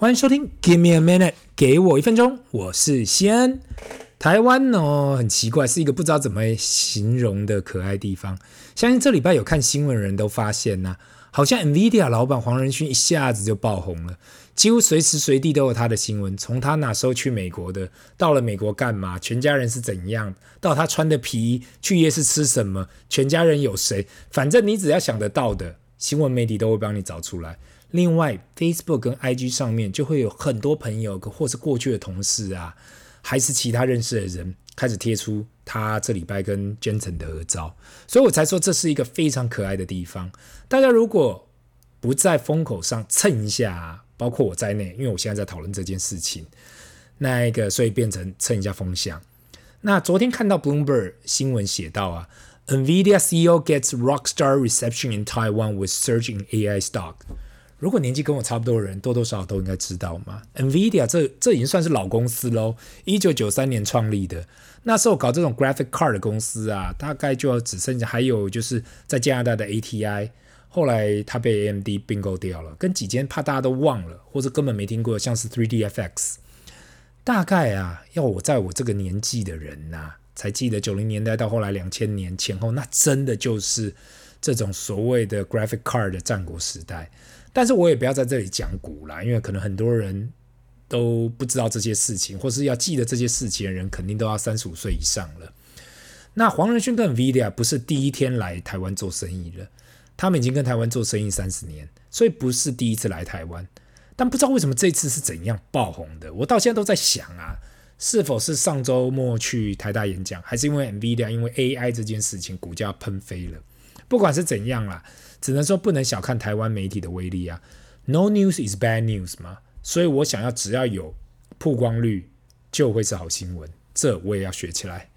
歡迎收聽，Give me a minute，給我一分鐘，我是西安。台灣哦，很奇怪，是一個不知道怎麼形容的可愛地方。相信這禮拜有看新聞的人都發現啊，好像 NVIDIA 老闆黃仁勳一下子就爆紅了，幾乎隨時隨地都有他的新聞。從他哪時候去美國的，到了美國幹嘛，全家人是怎樣，到他穿的皮衣，去夜市吃什麼，全家人有誰，反正你只要想得到的，新聞媒體都會幫你找出來。另外，Facebook 跟 IG 上面就會有很多朋友，或是過去的同事啊，還是其他認識的人，開始貼出他這禮拜跟 Jensen 的合照。所以我才說這是一個非常可愛的地方。大家如果不在風口上蹭一下啊，包括我在內，因為我現在在討論這件事情，那一個所以變成蹭一下風向。那昨天看到 Bloomberg 新聞寫道啊。Nvidia CEO gets rock star reception in Taiwan with surging AI stock。如果年紀跟我差不多的人，多多少少都應該知道嘛。Nvidia 這這已經算是老公司嘍，一九九三年創立的。那時候搞這種 graphic card 的公司啊，大概就只剩下還有就是在加拿大的 ATI，後來它被 AMD 併購掉了。跟幾間，怕大家都忘了，或者根本沒聽過，像是 Three DFX。大概啊，要我在我這個年紀的人吶、啊。才記得九零年代到後來兩千年前後，那真的就是這種所謂的 graphic card 的戰國時代。但是我也不要在這裡講古了，因為可能很多人都不知道這些事情，或是要記得這些事情的人，肯定都要三十五歲以上了。那黃仁勳跟 NVIDIA 不是第一天來台灣做生意了，他們已經跟台灣做生意三十年，所以不是第一次來台灣。但不知道為什麼這次是怎樣爆紅的，我到現在都在想啊。是否是上週末去台大演講，還是因為 NVIDIA 因為 AI 這件事情，股價噴飛了？不管是怎樣啦，只能說不能小看台灣媒體的威力啊。No news is bad news 嘛。所以我想要，只要有曝光率，就會是好新聞。這我也要學起來。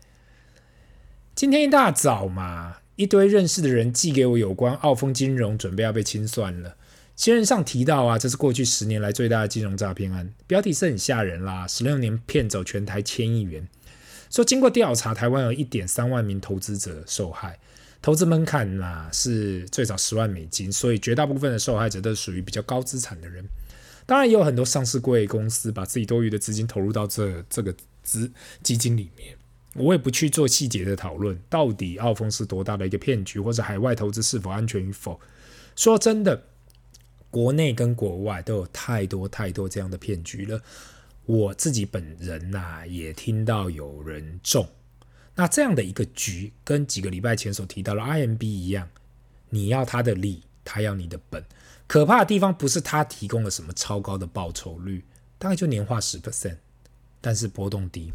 今天一大早嘛，一堆認識的人寄給我有關澳豐金融準備要被清算了。新聞上提到啊，這是過去十年來最大的金融詐騙案，標題是很嚇人啦。十六年騙走全台千億元，說經過調查，台灣有一點三萬名投資者受害，投資門檻啊，是最少十萬美金，所以絕大部分的受害者都是屬於比較高資產的人。當然，也有很多上市櫃公司把自己多餘的資金投入到這這個資基金裡面。我也不去做細節的討論，到底澳豐是多大的一個騙局，或者海外投資是否安全與否？說真的。國內跟國外都有太多太多這樣的騙局了。我自己本人呐、啊，也聽到有人中。那這樣的一個局，跟幾個禮拜前所提到的 IMB 一樣，你要他的利，他要你的本。可怕的地方不是他提供了什麼超高的報酬率，大概就年化十 percent，但是波動低。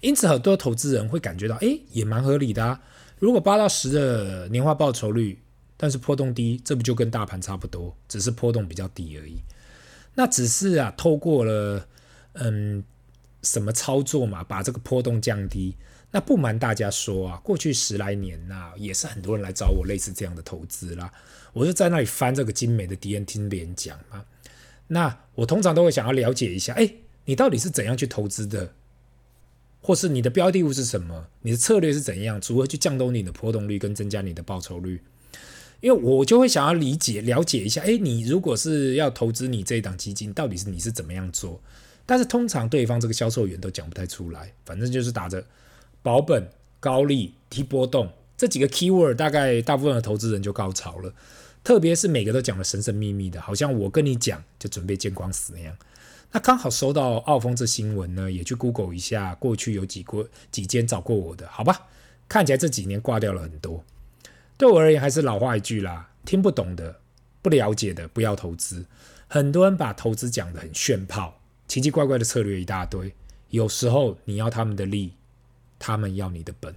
因此，很多投資人會感覺到，誒，也蠻合理的啊。如果八到十的年化報酬率。但是波動低，這不就跟大盤差不多，只是波動比較低而已。那只是啊，透過了嗯什麼操作嘛，把這個波動降低。那不瞞大家說啊，過去十來年吶、啊，也是很多人來找我類似這樣的投資啦。我就在那裡翻這個精美的 DM 聽別人講嘛。那我通常都會想要了解一下，哎，你到底是怎樣去投資的？或是你的標的物是什麼？你的策略是怎樣？如何去降低你的波動率，跟增加你的報酬率？因為我就會想要理解了解一下，哎，你如果是要投資你這一檔基金，到底是你是怎麼樣做？但是通常對方這個銷售員都講不太出來，反正就是打着保本、高利、低波動這幾個 keyword，大概大部分的投資人就高潮了。特別是每個都講得神神秘秘的，好像我跟你講就準備見光死那樣。那剛好收到澳豐這新聞呢，也去 Google 一下，過去有幾個幾間找過我的，好吧？看起來這幾年掛掉了很多。對我而言還是老話一句啦，聽不懂的、不了解的不要投資。很多人把投資講得很炫炮，奇奇怪怪的策略一大堆。有時候你要他們的利，他們要你的本。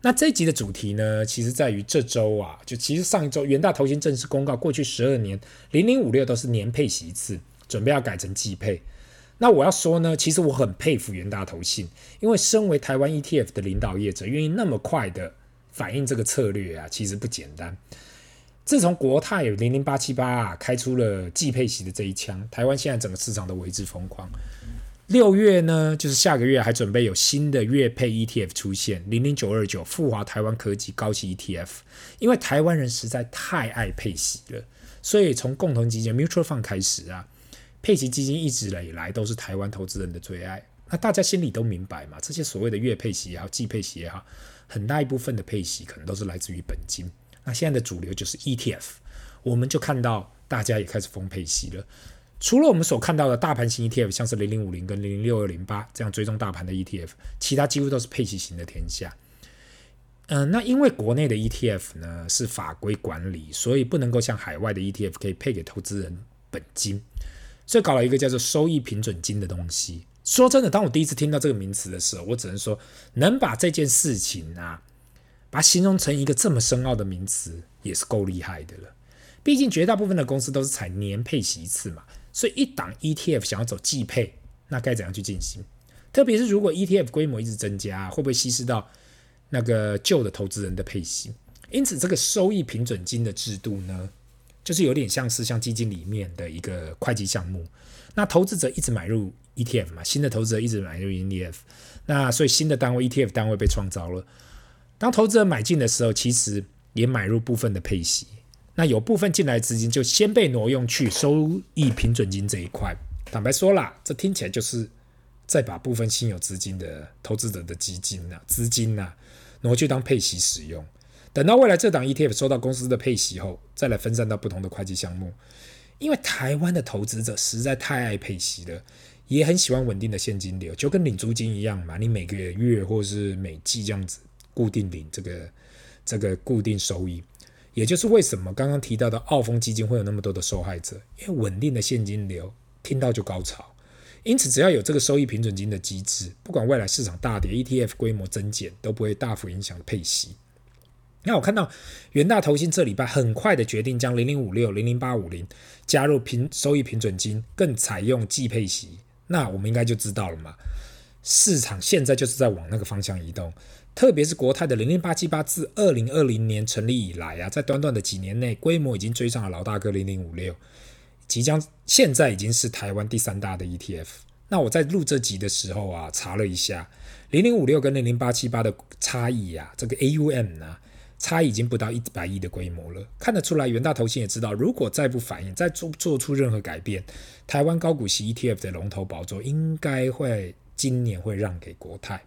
那這一集的主題呢，其實在於這周啊，就其實上一周元大投信正式公告，過去十二年零零五六都是年配息一次，準備要改成季配。那我要說呢，其實我很佩服元大投信，因為身為台灣 ETF 的領導業者，願意那麼快的。反映這個策略啊，其實不簡單。自從國泰有零零八七八開出了季配息的這一槍，台灣現在整個市場都為之瘋狂。六月呢，就是下個月還準備有新的月配 ETF 出現，零零九二九復華台灣科技高息 ETF。因為台灣人實在太愛配息了，所以從共同基金 mutual fund 開始啊，配息基金一直以來都是台灣投資人的最愛。那大家心裡都明白嘛，這些所謂的月配息也好，季配息也好。很大一部分的配息可能都是來自於本金。那現在的主流就是 ETF，我們就看到大家也開始瘋配息了。除了我們所看到的大盤型 ETF，像是零零五零跟零零六二零八這樣追蹤大盤的 ETF，其他幾乎都是配息型的天下。嗯、呃，那因為國內的 ETF 呢是法規管理，所以不能夠像海外的 ETF 可以配給投資人本金，所以搞了一個叫做收益平準金的東西。說真的，當我第一次聽到這個名詞的時候，我只能說能把這件事情啊，把它形容成一個這麼深奧的名詞，也是夠厲害的了。畢竟絕大部分的公司都是採年配息一次嘛，所以一檔 ETF 想要走季配，那該怎樣去進行？特別是如果 ETF 規模一直增加，會不會稀釋到那個舊的投資人的配息？因此，這個收益平準金的制度呢，就是有點像是像基金裡面的一個會計項目。那投資者一直買入。E T F 嘛，新的投資者一直買入 E T F，那所以新的單位 E T F 單位被創造了。當投資者買進的時候，其實也買入部分的配息。那有部分進來的資金就先被挪用去收益平準金這一塊。坦白說啦，這聽起來就是再把部分新有資金的投資者的基金吶、啊、資金吶、啊、挪去當配息使用。等到未來這檔 E T F 收到公司的配息後，再來分散到不同的會計項目。因為台灣的投資者實在太愛配息了。也很喜歡穩定的現金流，就跟領租金一樣嘛。你每個月、月或是每季這樣子固定領這個這個固定收益，也就是為什麼剛剛提到的澳豐基金會有那麼多的受害者，因為穩定的現金流聽到就高潮。因此，只要有這個收益平準金的機制，不管未來市場大跌、ETF 規模增減，都不會大幅影響配息。那我看到元大投信這禮拜很快的決定，將零零五六、零零八五零加入平收益平準金，更採用季配息。那我們應該就知道了嘛？市場現在就是在往那個方向移動，特別是國泰的零零八七八，自二零二零年成立以來啊，在短短的幾年內，規模已經追上了老大哥零零五六，即將現在已經是台灣第三大的 ETF。那我在錄這集的時候啊，查了一下零零五六跟零零八七八的差異啊，這個 AUM 呢、啊？差已經不到一百億的規模了，看得出來，元大投信也知道，如果再不反應，再做做出任何改變，台灣高股息 ETF 的龍頭寶座應該會今年會讓給國泰。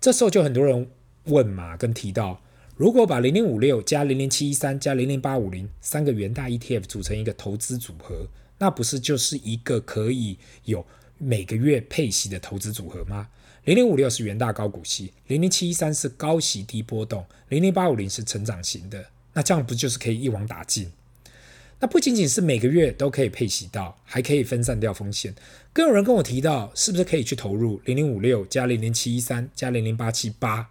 這時候就很多人問嘛，跟提到，如果把零零五六加零零七一三加零零八五零三個元大 ETF 組成一個投資組合，那不是就是一個可以有每個月配息的投資組合嗎？零零五六是元大高股息，零零七一三是高息低波動，零零八五零是成長型的。那這樣不就是可以一網打盡？那不僅僅是每個月都可以配息到，還可以分散掉風險。更有人跟我提到，是不是可以去投入零零五六加零零七一三加零零八七八，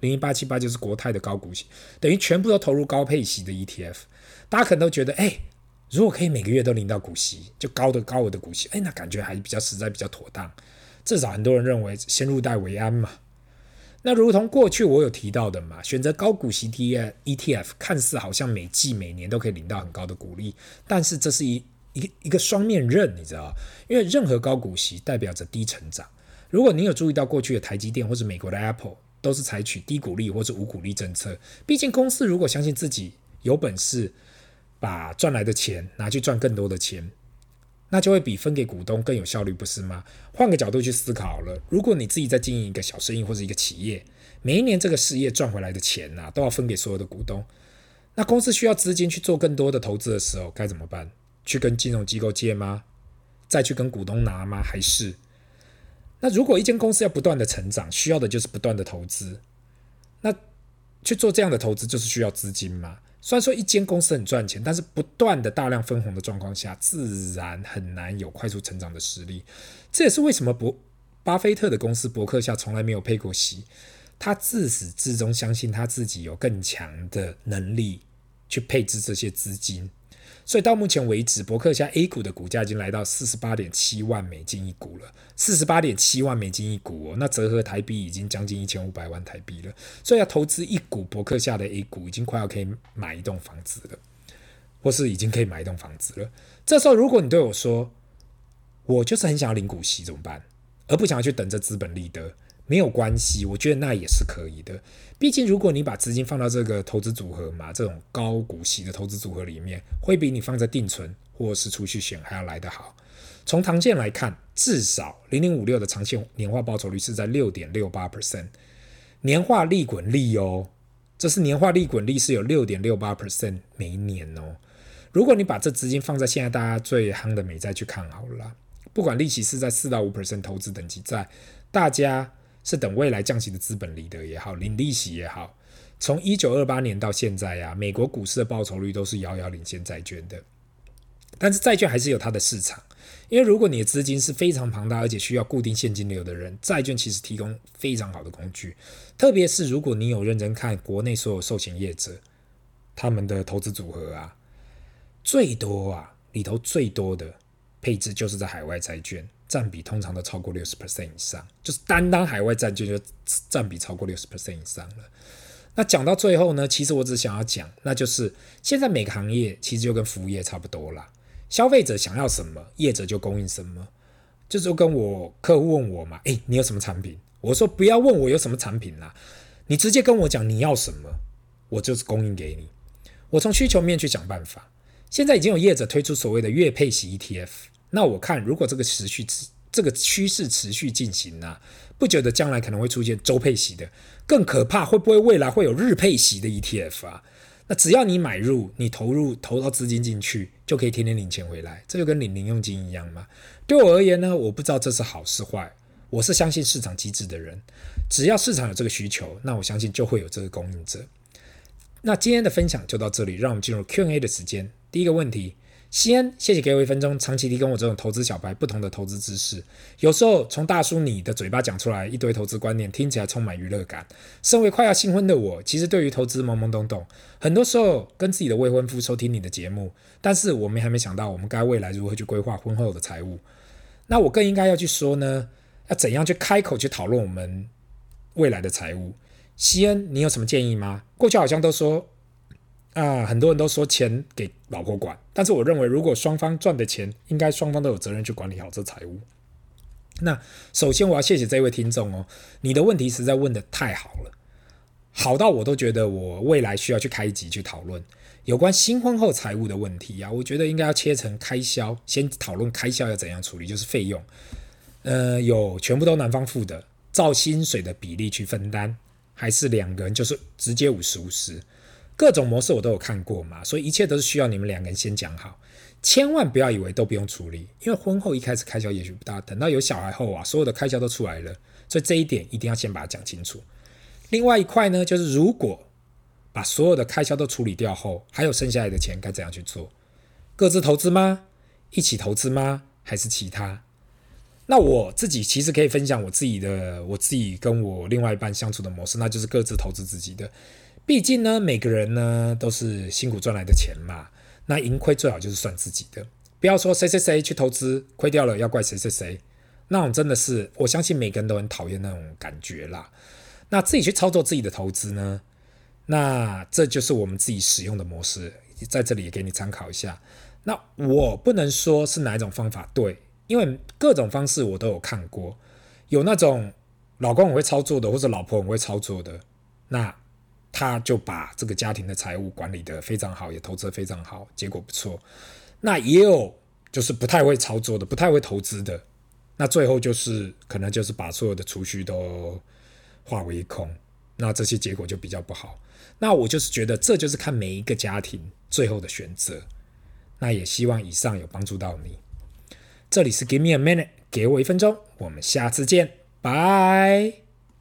零零八七八就是國泰的高股息，等於全部都投入高配息的 ETF。大家可能都覺得，哎，如果可以每個月都領到股息，就高的高額的股息，哎，那感覺還是比較實在，比較妥當。至少很多人認為先入袋為安嘛。那如同過去我有提到的嘛，選擇高股息的 ETF，看似好像每季每年都可以領到很高的股利，但是這是一一一個雙面刃，你知道？因為任何高股息代表着低成長。如果你有注意到過去的台積電或者美國的 Apple，都是採取低股利或者無股利政策。畢竟公司如果相信自己有本事把賺來的錢拿去賺更多的錢。那就會比分給股東更有效率，不是嗎？換個角度去思考了，如果你自己在經營一個小生意或者一個企業，每一年這個事業賺回來的錢吶、啊，都要分給所有的股東。那公司需要資金去做更多的投資的時候，該怎麼辦？去跟金融機構借嗎？再去跟股東拿嗎？還是？那如果一間公司要不斷的成長，需要的就是不斷的投資。那去做這樣的投資，就是需要資金嗎？雖然說一間公司很賺錢，但是不斷的大量分紅的狀況下，自然很難有快速成長的實力。這也是為什麼伯巴菲特的公司伯克夏從來沒有配過息，他自始至終相信他自己有更強的能力去配置這些資金。所以到目前為止，伯克夏 A 股的股價已經來到四十八點七萬美金一股了，四十八點七萬美金一股哦，那折合台幣已經將近一千五百萬台幣了。所以要投資一股伯克夏的 A 股，已經快要可以買一棟房子了，或是已經可以買一棟房子了。這時候，如果你對我說，我就是很想要領股息怎麼辦，而不想要去等着資本利得？沒有關係，我覺得那也是可以的。畢竟，如果你把資金放到這個投資組合嘛，這種高股息的投資組合裡面，會比你放在定存或是儲蓄險還要來得好。從長線來看，至少零零五六的長線年化報酬率是在六點六八 percent，年化利滾利哦，這是年化利滾利是有六點六八 percent 每一年哦。如果你把這資金放在現在大家最夯的美債去看好了，不管利息是在四到五 percent 投資等級債，大家。是等未來降息的資本利得也好，領利息也好。從一九二八年到現在啊，美國股市的報酬率都是遙遙領先債券的。但是債券還是有它的市場，因為如果你的資金是非常龐大而且需要固定現金流的人，債券其實提供非常好的工具。特別是如果你有認真看國內所有壽險業者，他們的投資組合啊，最多啊，裡頭最多的配置就是在海外債券。占比通常都超過六十 percent 以上，就是單單海外占據就，就占比超過六十 percent 以上了。那講到最後呢，其實我只想要講，那就是現在每個行業其實就跟服務業差不多啦。消費者想要什麼，業者就供應什麼，就是跟我客戶問我嘛。誒，你有什麼產品？我說不要問我有什麼產品啦、啊，你直接跟我講你要什麼，我就是供應給你。我從需求面去想辦法。現在已經有業者推出所謂的月配息 ETF。那我看，如果這個持續，這個趨勢持續進行呢、啊？不久的將來可能會出現週配息的，更可怕，會不會未來會有日配息的 ETF 啊？那只要你買入，你投入投到資金進去，就可以天天領錢回來，這就跟領零用金一樣嘛。對我而言呢，我不知道這是好是壞，我是相信市場機制的人，只要市場有這個需求，那我相信就會有這個供應者。那今天的分享就到這裡，讓我們進入 Q&A 的時間。第一個問題。西安，謝謝給我一分鐘，長期提供我這種投資小白不同的投資知識。有時候從大叔你的嘴巴講出來一堆投資觀念，聽起來充滿娛樂感。身為快要新婚的我，其實對於投資懵懵懂懂，很多時候跟自己的未婚夫收聽你的節目，但是我們還沒想到我們該未來如何去規劃婚後的財務。那我更應該要去說呢？要怎樣去開口去討論我們未來的財務？西安，你有什麼建議嗎？過去好像都說。啊，很多人都說錢給老婆管，但是我認為，如果雙方賺的錢，應該雙方都有責任去管理好這財務。那首先我要謝謝這位聽眾哦，你的問題實在問得太好了，好到我都覺得我未來需要去開一集去討論有關新婚後財務的問題啊。我覺得應該要切成開銷，先討論開銷要怎樣處理，就是費用，呃，有全部都男方付的，照薪水的比例去分擔，還是兩個人就是直接五十五十。各種模式我都有看過嘛，所以一切都是需要你們兩個人先講好，千萬不要以為都不用處理，因為婚後一開始開銷也許不大，等到有小孩後啊，所有的開銷都出來了，所以這一點一定要先把它講清楚。另外一塊呢，就是如果把所有的開銷都處理掉後，還有剩下來的錢該怎樣去做？各自投資嗎？一起投資嗎？還是其他？那我自己其實可以分享我自己的，我自己跟我另外一半相處的模式，那就是各自投資自己的。畢竟呢，每個人呢都是辛苦賺來的錢嘛。那盈虧最好就是算自己的，不要說誰誰誰去投資虧掉了要怪誰誰誰，那種真的是我相信每個人都很討厭那種感覺啦。那自己去操作自己的投資呢，那這就是我們自己使用的模式，在這裡也給你參考一下。那我不能說是哪一種方法對，因為各種方式我都有看過，有那種老公我會操作的，或者老婆我會操作的，那，他就把這個家庭的財務管理得非常好，也投資得非常好，結果不錯。那也有就是不太會操作的，不太會投資的，那最後就是可能就是把所有的儲蓄都化為空。那這些結果就比較不好。那我就是覺得這就是看每一個家庭最後的選擇。那也希望以上有幫助到你。這裡是 Give me a minute，給我一分鐘，我們下次見，拜。